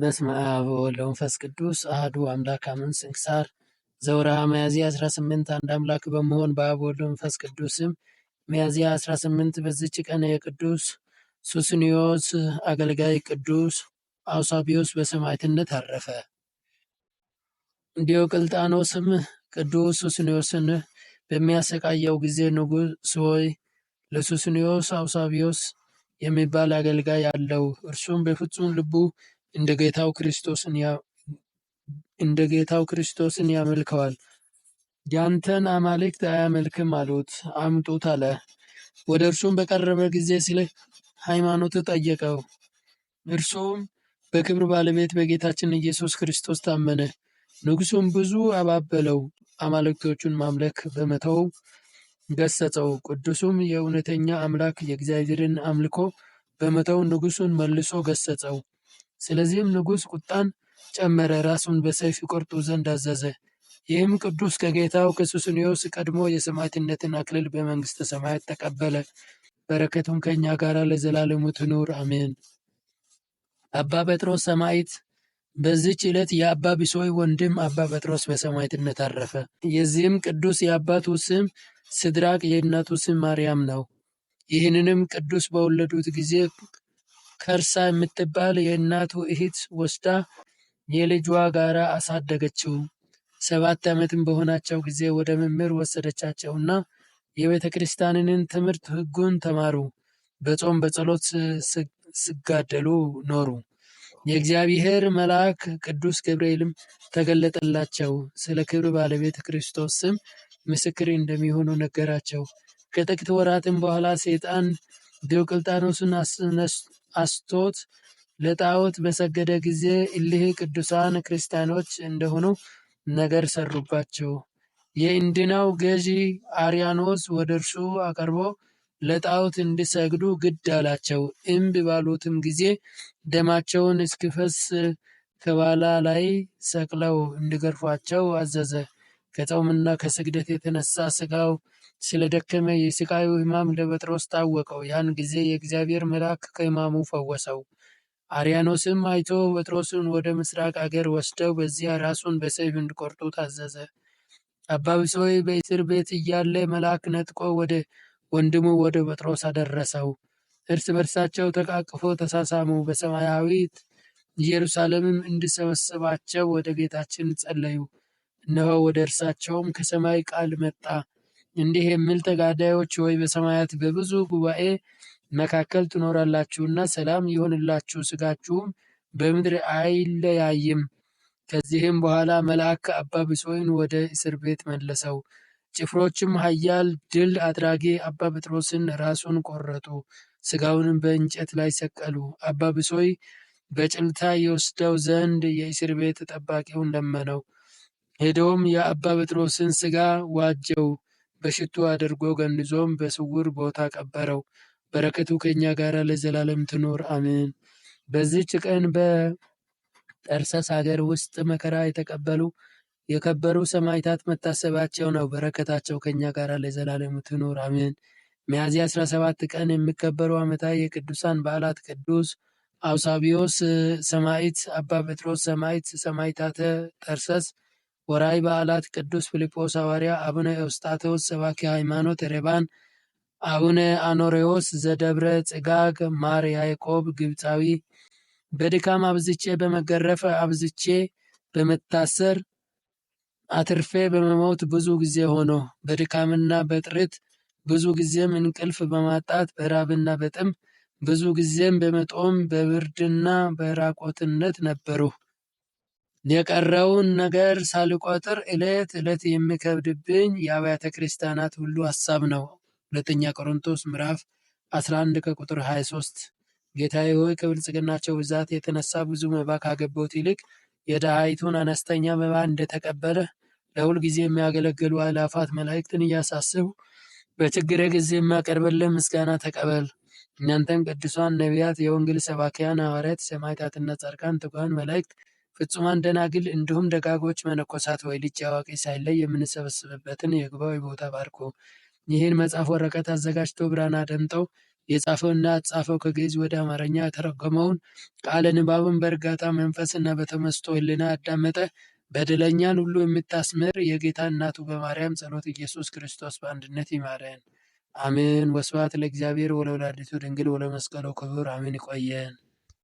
በስመ አብ ወወልድ ወመንፈስ ቅዱስ አሐዱ አምላክ አሜን። ስንክሳር ዘወርኀ ሚያዝያ 18 አንድ አምላክ በመሆን በአብ ወልድ መንፈስ ቅዱስም ሚያዝያ 18 በዚች ቀን የቅዱስ ሱስንዮስ አገልጋይ ቅዱስ አውሳቢዮስ በሰማዕትነት አረፈ። ዲዮቅልጥያኖስም ቅዱስ ሱስንዮስን በሚያሰቃየው ጊዜ ንጉሥ ሆይ ለሱስንዮስ አውሳቢዮስ የሚባል አገልጋይ አለው፣ እርሱም በፍጹም ልቡ እንደ ጌታው ክርስቶስን እንደ ጌታው ክርስቶስን ያመልከዋል። ያንተን አማልክት አያመልክም አሉት። አምጡት አለ። ወደ እርሱም በቀረበ ጊዜ ስለ ሃይማኖት ጠየቀው። እርሱም በክብር ባለቤት በጌታችን ኢየሱስ ክርስቶስ ታመነ። ንጉሱም ብዙ አባበለው፣ አማልክቶቹን ማምለክ በመተው ገሰጸው። ቅዱሱም የእውነተኛ አምላክ የእግዚአብሔርን አምልኮ በመተው ንጉሱን መልሶ ገሰጸው። ስለዚህም ንጉሥ ቁጣን ጨመረ፣ ራሱን በሰይፍ ይቆርጡ ዘንድ አዘዘ። ይህም ቅዱስ ከጌታው ከሱስንዮስ ቀድሞ የሰማዕትነትን አክሊል በመንግሥተ ሰማያት ተቀበለ። በረከቱም ከእኛ ጋር ለዘላለሙ ትኑር አሜን። አባ ጴጥሮስ ሰማዕት። በዚች ዕለት የአባ ቢሶይ ወንድም አባ ጴጥሮስ በሰማዕትነት አረፈ። የዚህም ቅዱስ የአባቱ ስም ስድራቅ፣ የእናቱ ስም ማርያም ነው። ይህንንም ቅዱስ በወለዱት ጊዜ ከርሳ የምትባል የእናቱ እህት ወስዳ የልጇ ጋር አሳደገችው። ሰባት ዓመትም በሆናቸው ጊዜ ወደ መምህር ወሰደቻቸውና የቤተ ክርስቲያንንን ትምህርት ሕጉን ተማሩ። በጾም በጸሎት ስጋደሉ ኖሩ። የእግዚአብሔር መልአክ ቅዱስ ገብርኤልም ተገለጠላቸው። ስለ ክብር ባለቤት ክርስቶስ ስም ምስክር እንደሚሆኑ ነገራቸው። ከጥቂት ወራትም በኋላ ሰይጣን ዲዮቅልጣኖስን አስቶት ለጣዖት በሰገደ ጊዜ እሊህ ቅዱሳን ክርስቲያኖች እንደሆኑ ነገር ሰሩባቸው። የእንድናው ገዢ አርያኖስ ወደ እርሱ አቀርቦ ለጣዖት እንዲሰግዱ ግድ አላቸው። እምቢ ባሉትም ጊዜ ደማቸውን እስኪፈስ ከባላ ላይ ሰቅለው እንዲገርፏቸው አዘዘ። ከጾምና ከስግደት የተነሳ ስጋው ስለደከመ የስቃዩ ሕማም ለጴጥሮስ ታወቀው። ያን ጊዜ የእግዚአብሔር መልአክ ከሕማሙ ፈወሰው። አርያኖስም አይቶ ጴጥሮስን ወደ ምስራቅ አገር ወስደው በዚያ ራሱን በሰይፍ እንዲቆርጡ ታዘዘ። አባ ብሶይ በእስር ቤት እያለ መልአክ ነጥቆ ወደ ወንድሙ ወደ ጴጥሮስ አደረሰው። እርስ በርሳቸው ተቃቅፎ ተሳሳሙ። በሰማያዊት ኢየሩሳሌምም እንዲሰበስባቸው ወደ ጌታችን ጸለዩ። እነሆ ወደ እርሳቸውም ከሰማይ ቃል መጣ እንዲህ የሚል ተጋዳዮች ሆይ በሰማያት በብዙ ጉባኤ መካከል ትኖራላችሁና ሰላም ይሆንላችሁ፣ ስጋችሁም በምድር አይለያይም። ከዚህም በኋላ መልአክ አባ ብሶይን ወደ እስር ቤት መለሰው። ጭፍሮችም ኃያል ድል አድራጊ አባ ጴጥሮስን ራሱን ቆረጡ፣ ስጋውንም በእንጨት ላይ ሰቀሉ። አባ ብሶይ በጭልታ የወስደው ዘንድ የእስር ቤት ጠባቂውን ለመነው። ሄደውም የአባ ጴጥሮስን ሥጋ ዋጀው፣ በሽቱ አድርጎ ገንዞም በስውር ቦታ ቀበረው። በረከቱ ከእኛ ጋር ለዘላለም ትኖር አሜን። በዚች ቀን በጠርሰስ ሀገር ውስጥ መከራ የተቀበሉ የከበሩ ሰማዕታት መታሰባቸው ነው። በረከታቸው ከእኛ ጋር ለዘላለም ትኖር አሜን። ሚያዝያ 17 ቀን የሚከበሩ ዓመታዊ የቅዱሳን በዓላት ቅዱስ አውሳቢዮስ ሰማዕት፣ አባ ጴጥሮስ ሰማዕት፣ ሰማዕታተ ጠርሰስ ወራይ በዓላት ቅዱስ ፊልጶስ ሐዋርያ፣ አቡነ ኤውስጣቴዎስ ሰባኪ ሃይማኖት ሬባን፣ አቡነ አኖሬዎስ ዘደብረ ጽጋግ፣ ማር ያዕቆብ ግብፃዊ። በድካም አብዝቼ በመገረፍ አብዝቼ በመታሰር አትርፌ በመሞት ብዙ ጊዜ ሆኖ በድካምና በጥርት ብዙ ጊዜም እንቅልፍ በማጣት በራብና በጥም ብዙ ጊዜም በመጦም በብርድና በራቆትነት ነበሩ። የቀረውን ነገር ሳልቆጥር ዕለት ዕለት የሚከብድብኝ የአብያተ ክርስቲያናት ሁሉ ሐሳብ ነው። ሁለተኛ ቆሮንቶስ ምዕራፍ 11 ከቁጥር 23 ጌታዬ ሆይ ከብልጽግናቸው ብዛት የተነሳ ብዙ መባ ካገቡት ይልቅ የድሃይቱን አነስተኛ መባ እንደተቀበለ ለሁል ጊዜ የሚያገለግሉ አእላፋት መላእክትን እያሳስቡ በችግረ ጊዜ የማቀርብልን ምስጋና ተቀበል። እናንተም ቅዱሳን ነቢያት፣ የወንጌል ሰባኪያን ሐዋርያት፣ ሰማዕታትና ጻድቃን፣ ትጉሃን መላእክት ፍጹማን ደናግል እንዲሁም ደጋጎች መነኮሳት ወይ ልጅ አዋቂ ሳይለይ የምንሰበስብበትን የጉባኤ ቦታ ባርኮ ይህን መጽሐፍ ወረቀት አዘጋጅቶ ብራና ደምጠው የጻፈውና ጻፈው ከግዕዝ ወደ አማርኛ የተረጎመውን ቃለ ንባብን በእርጋታ መንፈስና በተመስጦ ሕሊና አዳመጠ። በደለኛን ሁሉ የምታስምር የጌታ እናቱ በማርያም ጸሎት ኢየሱስ ክርስቶስ በአንድነት ይማረን። አሜን። ወስብሐት ለእግዚአብሔር ወለወላዲቱ ድንግል ወለመስቀሉ ክቡር አሜን። ይቆየን።